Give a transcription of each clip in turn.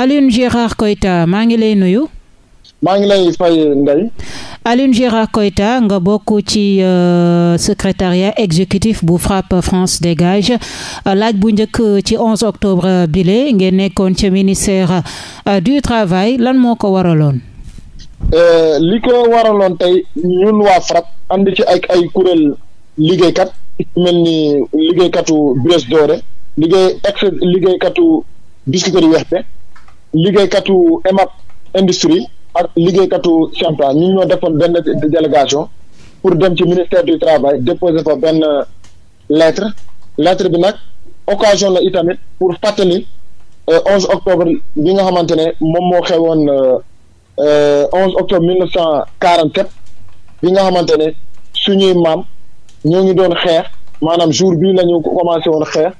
Alioune Gérard Koita maa ngi lay nuyu. maa ngi lay fay Ndeye. Alioune Gérard Koita nga bokk ci euh, secrétariat exécutif bu FRAPP France Dégage laaj bu njëkk ci 11 octobre bile ngeen nekkoon ci ministère euh, du travail lan moo ko waraloon. Euh, li ko waraloon tey ñun waa FRAPP ànd ci ay kuréel liggéeykat mel liggéeykatu Bress Doré liggéey ex liggéeykatu Biscuiterie Werté liggéeykatu EMAP industrie ak liggéeykatu Shamta ñu ñoo defoon benn délégation pour dem ci ministère du travail déposer fa benn lettre lettre bi nag occasion la itamit pour fàttali euh, onze octobre bi nga xamante ne moom moo xewoon euh, euh, onze octobre mille neuf cent quarante sept bi nga xamante ne suñuy maam ñoo ngi doon xeex maanaam jour bii la ñu commencé woon xeex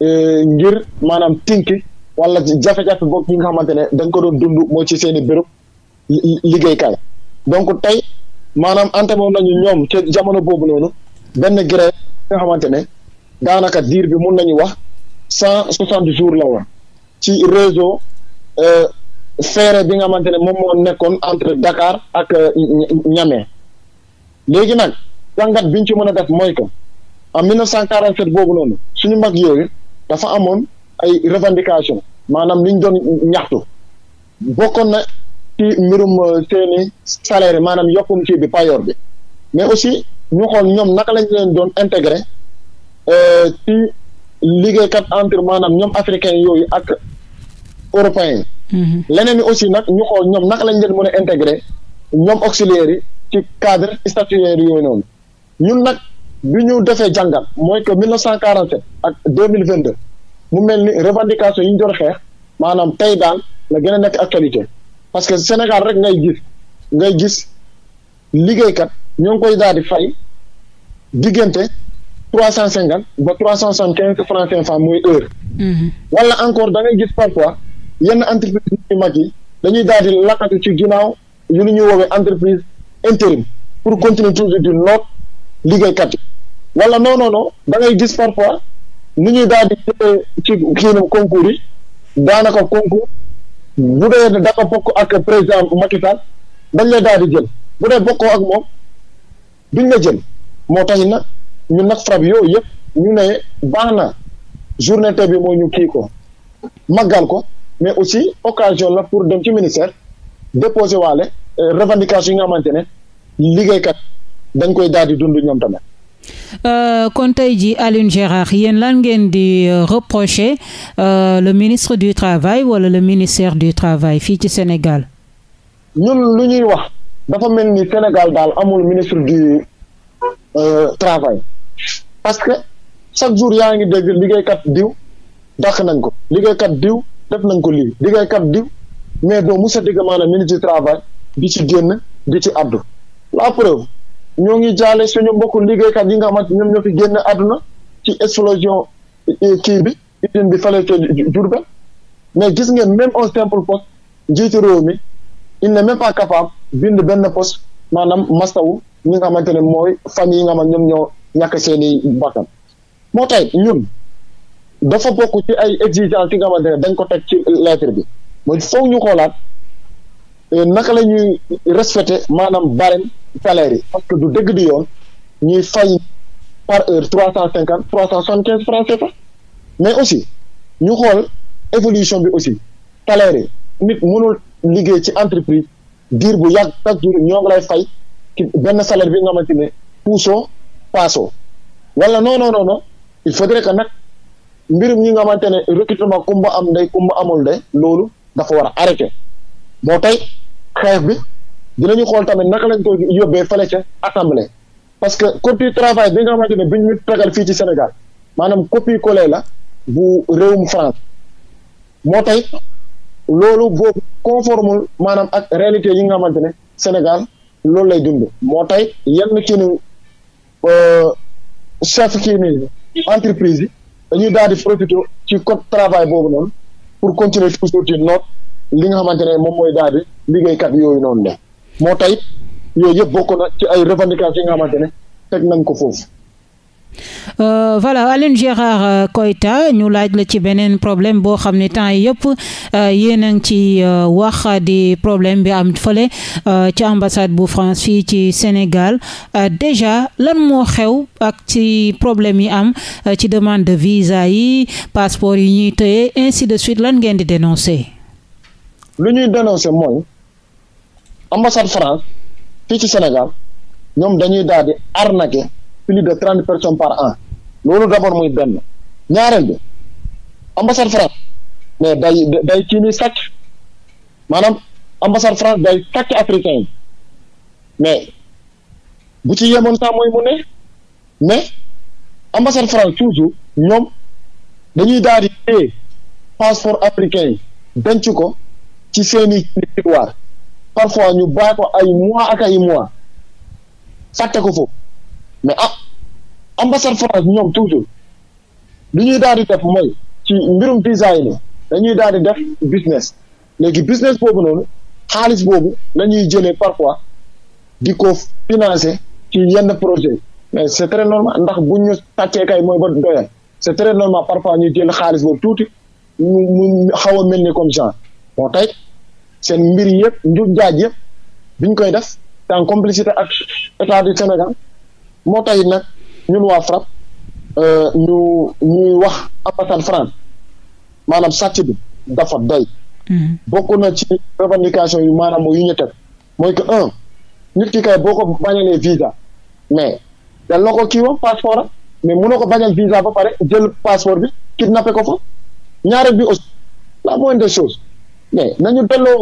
ngir maanaam tinki wala jafe-jafe bopp yi nga xamante ne da ko doon dund moo ci seeni i béréb liggéeykaay donc tey maanaam moom nañu ñoom ca jamono boobu noonu benn grève nga xamante ne daanaka diir bi mun nañu wax cent soixante jours la woon ci réseau euh, ferré bi nga xamante ne moom moo nekkoon entre Dakar ak ñame euh, léegi nag jàngat biñ ci mën a def mooy que en 1947 boobu noonu suñu mag yooyu dafa amoon ay revendication maanaam li ñu doon ñaxtu bokkoon na ci mbirum euh, seeni salaire maanaam yokkum ci bi payoor bi mais aussi ñu xool ñoom naka lañ leen doon intégré euh, ci liggéeykat entre maanaam ñoom africain yooyu ak européens yi mm-hmm. leneen aussi nag ñu xool ñoom naka lañ leen mën a intégré ñoom auxiliaires yi ci cadre statutaire yooyu noonu ñun nag bi ñu defee jàngat mooy que 1947 ak 2022 mu mel ni revendication yi ñu doon xeex maanaam tey daal la gën a nekk actualité parce que Sénégal rek ngay gis ngay gis liggéeykat ñoo ngi koy daal di fay diggante trois cent cinquante ba trois cent soixante quinze francs CFA mooy heure. Mhm. wala encore da ngay gis parfois yenn entreprise yu mag yi dañuy daal di lakkatu ci ginnaaw yu lu ñuy woowee entreprise intérim pour continuer toujours di noot liggéeykat yi wala non non da ngay gis parfois. ni ñuy daal di ci kiinam concours yi daanaka concours bu dee dafa bokk ak président Macky dañ lay daal di jël bu dee bokkoo ak moom duñ la jël moo tax nag ñun nag FRAPP yooyu yëpp ñu ne baax na journée tey bi mooy ñu kii ko màggal ko mais aussi occasion la pour dem ci ministère déposer waale euh, revendication yi nga xamante ne liggéeykat dañ koy daal di dund ñoom tamit Euh, kon tey jii Alioune Gérard yéen lan ngeen di euh, reprocher euh, le ministre du travail wala le ministère du travail fii ci Sénégal. ñun lu ñuy wax dafa mel ni Sénégal daal amul ministre du travail parce que chaque jour yaa ngi dégg liggéeykat diw dàq nañ ko liggéeykat diw def nañ ko lii liggéeykat diw mais doo mos dégg maanaam ministre du travail di ci génn di ci àddu la preuve. ñoo ngi jaale suñu mbokku liggéeykat yi nga xamante ñoom ñoo fi génn àdduna ci explosion kii bi usine bi fale ca Diourbel mais gis ngeen même un simple poste njiitu réew mi il n'est même pas capable bind benn poste maanaam mastawu ñi nga xamante ne mooy fan yi nga xamante ñoom ñoo ñàkk seeni bakkan moo tey ñun dafa bokk ci ay exigences yi nga xamante ne dañ ko teg ci lettre bi mooy foog ñu xoolaat naka la ñuy respecté maanaam barème salaire yi parce que du dëgg du yoon ñuy fay par heure trois cent cinquante trois cent soixante quinze francs CFA mais aussi ñu xool évolution bi aussi salaire yi nit mënul liggéey ci entreprise diir bu yàgg chaque ñoo lay fay benn salaire bi nga xamante ne puusoo paasoo wala non non non non il faudrait que nag mbirum ñi nga xamante ne recrutement kumba am ndey kumba amul ndey loolu dafa war a arrêté tey xeex bi dinañu xool tamit naka lañ koy yóbbee fële ca assemblée parce que copie travail bi nga xamante ne bi ñu tegal fii ci Sénégal maanaam copie collé la bu réewum France moo tey loolu boobu conformul maanaam ak réalité yi nga xamante ne Sénégal loolu lay dund moo tay yenn kii ni euh, chef kii ni entreprise yi dañuy daal di profité ci code travail boobu noonu pour continuer toujours ci note li nga xamante ne moom mooy daal liggéeykat yooyu noonu ne moo tey yooyu yëpp bokk na ci ay revendications yi nga xamante nañ ko foofu. Euh, voilà Aline Gérard euh, Koita ñu laaj la ci beneen problème boo xam ne temps yëpp euh, yéen a ngi ci wax di problème bi am fële ci ambassade bu France fii ci Sénégal déjà lan moo xew ak ci problème yi am ci demande de visa yi passeport yi ñuy tëye ainsi de suite lan ngeen di dénoncer. lu ñuy dénoncé mooy ambassade France fii ci Sénégal ñoom dañuy daal di arnaqué plus de trente personnes par an loolu d'abord muy benn ñaareel bi ambassade France mais day day kii nii maanaam ambassade France day sàcc africain mais bu ci yemoon sax mooy mu ne mais ambassade France toujours ñoom dañuy daal di passeport africain yi denc ko ci seeni tiroir parfois ñu bàyyi ko ay mois ak ay mois fàtte ko foofu mais ah ambassade France ñoom toujours lu ñuy daal di def mooy ci mbirum visa yi dañuy daal di def business léegi business boobu noonu xaalis boobu la jëlee parfois di ko financer ci yenn projet mais c' est très normal ndax bu ñu tàccee kay mooy ba doyal c' est très normal parfois ñuy jël xaalis boobu tuuti mu mu xaw a mel ni comme genre bon tey seen mbir yëpp njur jaaj yëpp biñ koy def en complicité ak état du Sénégal moo taxit nag ñun waa FRAPP euh, ñu ñuy wax ambassade France maanaam sàcc bi dafa doy. Hmm. bokk na ci revendication yu maanaam yu ñu teg mooy que un nit ki kay boo ko visa mais dal na ko passeport a mais mënoo ko bañal visa ba pare jël passeport bi kidnappé ko fa bi aussi la moindre des choses mais nañu delloo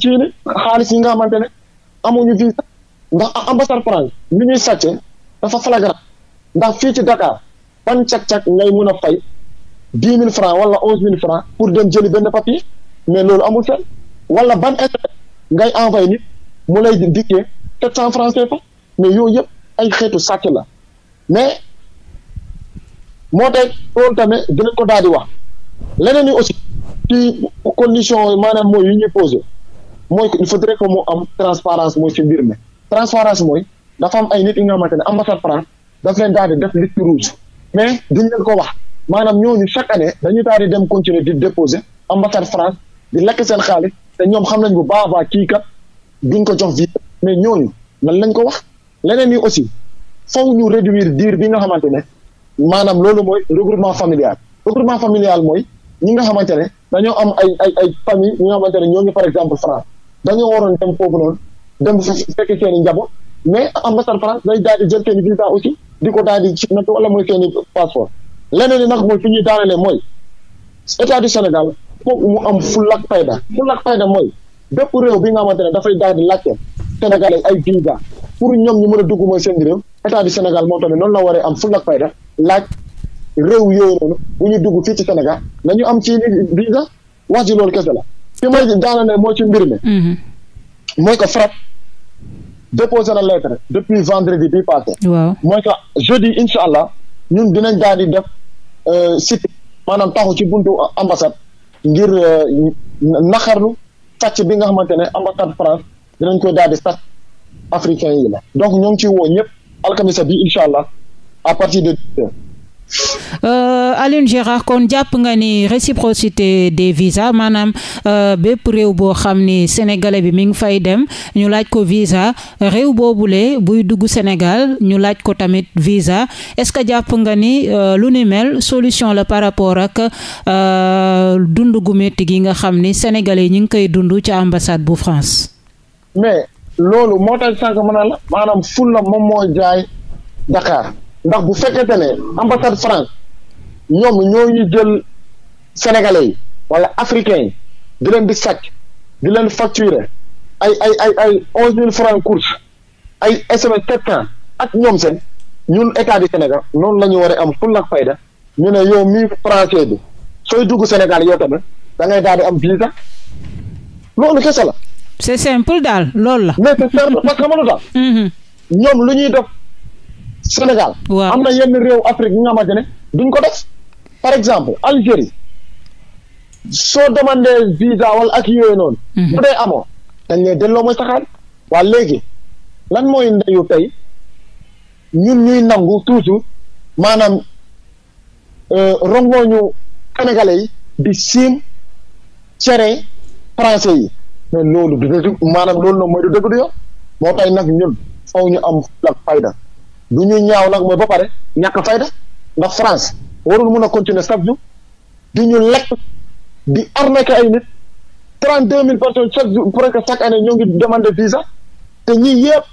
ci ne xaalis yi nga xamante ne amuñu visa ndax ambassade France ñu ñuy sàcce dafa flagrant ndax fii ci Dakar ban cag-cag ngay mun a fay dix mille francs wala onze mille francs pour dem jëli benn papier mais loolu amul fenn wala ban intérêt ngay envoyé nit mu lay dikkee sept cent francs CFA mais yooyu yëpp ay xeetu sàcc la mais moo tax loolu tamit dinañ ko daal di wax leneen yi aussi puis condition maanaam mooy yu ñuy posé mooy il faudrait que mu am transparence mooy ci mbir mi transparence mooy dafa am ay nit yi nga xamante ne ambassade France daf leen daal di def liste rouge mais leen ko wax maanaam ñooñu chaque année dañu daal di dem continuer di déposer ambassade France di lekk seen xaalis te ñoom xam nañ bu baax a baax kii kat duñ ko jox visa mais ñooñu lan lañ ko wax leneen yi aussi faw ñu réduire diir bi nga xamante ne maanaam loolu mooy regroupement familial regroupement familial mooy ñi nga xamante dañoo am ay ay ay famille ñi nga xamante ne ñoo ngi par exemple France dañoo waroon dem foofu noonu dem fekk seen i njaboot mais ambassade France day daal jël seen i visa aussi di ko daal di ci nag wala mooy seen i passeport leneen li nag mooy fi ñuy daanalee mooy état du Sénégal foog mu am fulak fayda fulak fayda mooy bépp réew bi nga xamante ne dafay daal di laajte Sénégal ay visa pour ñoom ñu mën a dugg mooy seen réew état du Sénégal moom tamit noonu la waree am fulak fayda laaj réew yooyu noonu bu dugg fii ci Sénégal nañu am ci visa wax ji loolu kese la fi may daana ne moo ci mbir mi mhm. mooy ko FRAPP déposé na lettre depuis vendredi bi passé waaw mooy que jeudi incha allah ñun dinañ daal di def euh, site maanaam taxu ci buntu ambassade ngir euh, naxarlu sàcc bi nga xamante ne ambassade France dinañ koy daal di sàcc africain yi la donc ñoo ngi ciy woo ñëpp alxames bi incha allah à partir de dix Euh, Alioune Gérard kon jàpp nga ni réciprocité des visas maanaam euh, bépp réew boo xam ni sénégalais bi mi ngi fay dem ñu laaj ko visa réew boobule buy dugg Sénégal ñu laaj ko tamit visa est-ce que jàpp nga ni euh, lu ni mel solution la par rapport ak dund gu métti gi nga xam ni sénégalais ñi ngi koy dund ci ambassade bu France. mais loolu moo tax sànq la. maanaam ful la moom moo jaay Dakar. ndax bu fekkente ne ambassade France ñoom ñoo ñu jël sénégalais yi wala africain yi di leen di sàcc di leen facturer ay ay ay ay onze mille francs course ay sms sept cent ak ñoom seen ñun état du Sénégal noonu la ñu war a am fulla fayda ñu ne yow mii français bi sooy dugg Sénégal yow tamit dangay ngay am visa loolu kese la. c'est simple daal loolu la. mais c'est simple parce que daal. Mm-hmm. ñoom lu ñuy def. Sénégal. waaw am na yenn réew Afrique yi nga xamante ne duñ ko def par exemple Algérie soo demandé visa wala ak yooyu noonu. Mhm. bu dee amoo dañ delloo mooy saxaar waa léegi lan mooy ndeyu tey ñun ñuy nangu toujours maanaam euh, rongooñu sénégalais yi di siim cere français yi mais loolu du dëgg maanaam loolu nag mooy du dëgg du yoon moo tey nag ñun faw ñu am flag fayda du ñu ñaaw nag mooy ba pare ñàkk fayda ndax France warul mun a continuer chaque jour di ñu lekk di arnaquer ay nit trente deux mille personnes chaque jour presque chaque année ñoo ngi demander visa te ñii yëpp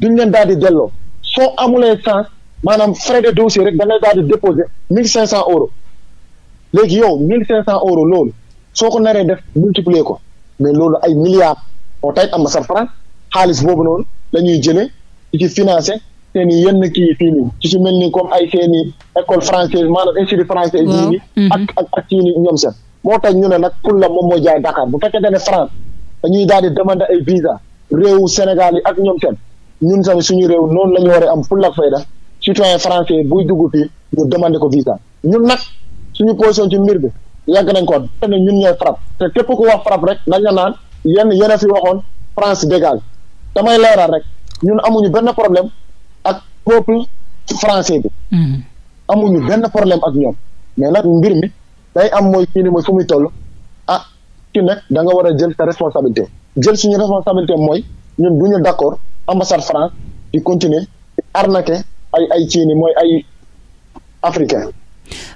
duñ leen daal di delloo soo amulee cent maanaam frais de dossier rek da ngay daal di déposer mille cinq cent euros léegi yow mille cinq cent euros loolu soo ko naree def multiplier ko mais loolu ay milliards moo tey ambassade France xaalis boobu noonu la ñuy jëlee seen i yenn kii fii nii ci si mel ni comme ay seen i école française maanaam a français yii nii mhm. ak ak ak yii nii ñoom seen moo tax ñu ne nag pour la moom moo jaay Dakar bu fekkee ne France dañuy daal di demander ay visa réewu Sénégal yi ak ñoom seen ñun tamit suñu réew noonu la ñu war a am pour la citoyen français buy dugg fii ñu demander ko visa ñun nag suñu position ci mbir bi yàgg nañ ko wax frappe rek nañ la naan yenn yéen a fi waxoon France dégage damay ak peuple français bi. Hmm. amuñu benn problème ak ñoom mais nag mbir mi day am mooy kii ni mooy fu muy toll ah ki nekk da nga war a jël sa responsabilité jël suñu responsabilité mooy ñun du ñu d' accord ambassade France di continuer di ay ay ci mooy ay africain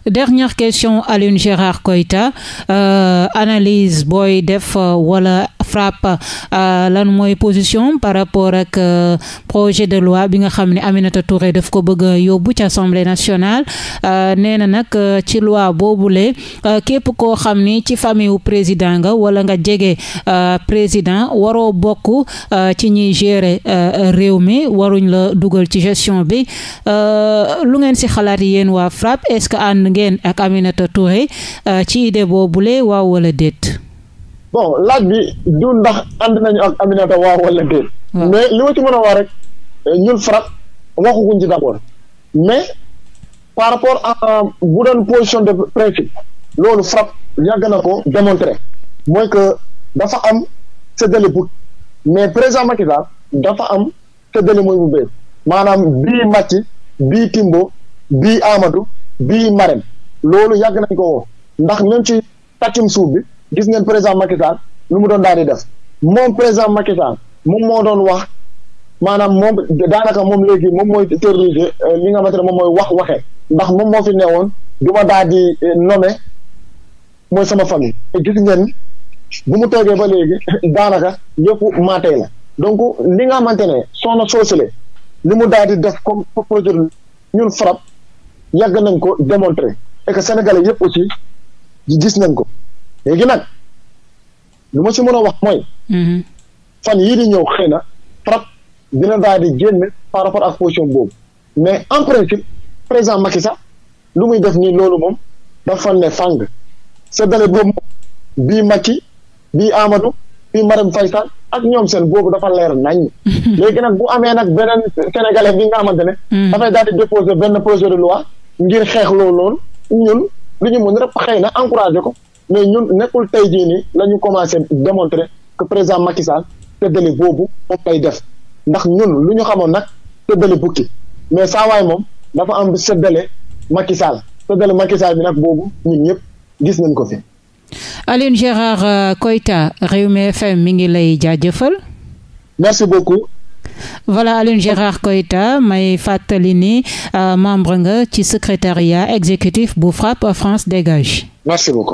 Dernière question Alioune Gérard Koïta euh, analyse booy def euh, wala FRAPP euh, lan mooy position par rapport ak euh, projet de loi bi nga xam ne Aminata Touré def ko bëgg a yóbbu ci assemblée nationale euh, nee na nag ci loi boobule képp koo xam ni ci famille wu président nga wala nga jege président waroo bokk ci ñiy gérer réew mi waruñ la dugal ci gestion bi lu ngeen si xalaat yéen waa FRAPP est-ce que ànd ngeen ak Aminata Touré ci idée boobule waaw wala déet bon laaj bi du ndax ànd nañu ak Aminata waaw wala déet. mais li ma ci mën a wax rek ñun FRAPP waxuguñ ci d' accord mais par rapport à bu doon position de principe loolu FRAPP yàgg na ko démontrer mooy que dafa am séddale bu mais président Macky Sall dafa am séddale mooy bu maanaam bii Macky bii Timbo bii Amadou bii Marème loolu yàgg nañ ko woo ndax même ci tàccum suuf bi. gis ngeen président Macky Sall lu mu doon daal di def moom président Macky Sall moom moo doon wax maanaam moom daanaka moom léegi moom mooy terroriser euh, li nga xamante ne moom mooy wax waxee ndax moom moo fi newoon du ma daal di euh, mooy sama famille te gis ngeen bu mu toogee ba léegi daanaka yëpp maatee la donc li nga xamante ne soxna soosale li mu daal di def comme projet ñun FRAPP yàgg nañ ko démontrer et que sénégalais yëpp aussi gis nañ ko léegi nag lu ma ci mën a wax mooy. Mm-hmm. fan yii di ñëw xëy na frapp dina daal di génn par rapport ak position boobu mais en principe présent Macky sax lu muy def nii loolu moom dafa ne fàng seddale boobu moom bii Macky bii Amadou bii Marème Faye Sall ak ñoom seen boobu dafa leer nañ mm-hmm. léegi nag bu amee nag beneen sénégalais bi nga xamante ne. Mm-hmm. dafay daal di benn projet de loi ngir xeex lool lool ñun lu ñu mën rek xëy na encouragé ko. mais ñun nekkul tey jii nii la ñu commencé démontrer que président Macky Sall tëddali boobu moom lay def ndax ñun lu ñu xamoon nag tëddali bukki mais saa waay moom dafa am séddale Macky Sall séddale Macky Sall bi nag boobu ñun ñëpp gis nañ ko fi. Alioune Gérard euh, Koita Rewmi FM mi ngi lay jaajëfal. merci beaucoup. voilà Alioune Gérard Koita may fàttali ni euh, membre nga ci secrétariat exécutif bu FRAPP France Dégage. merci beaucoup.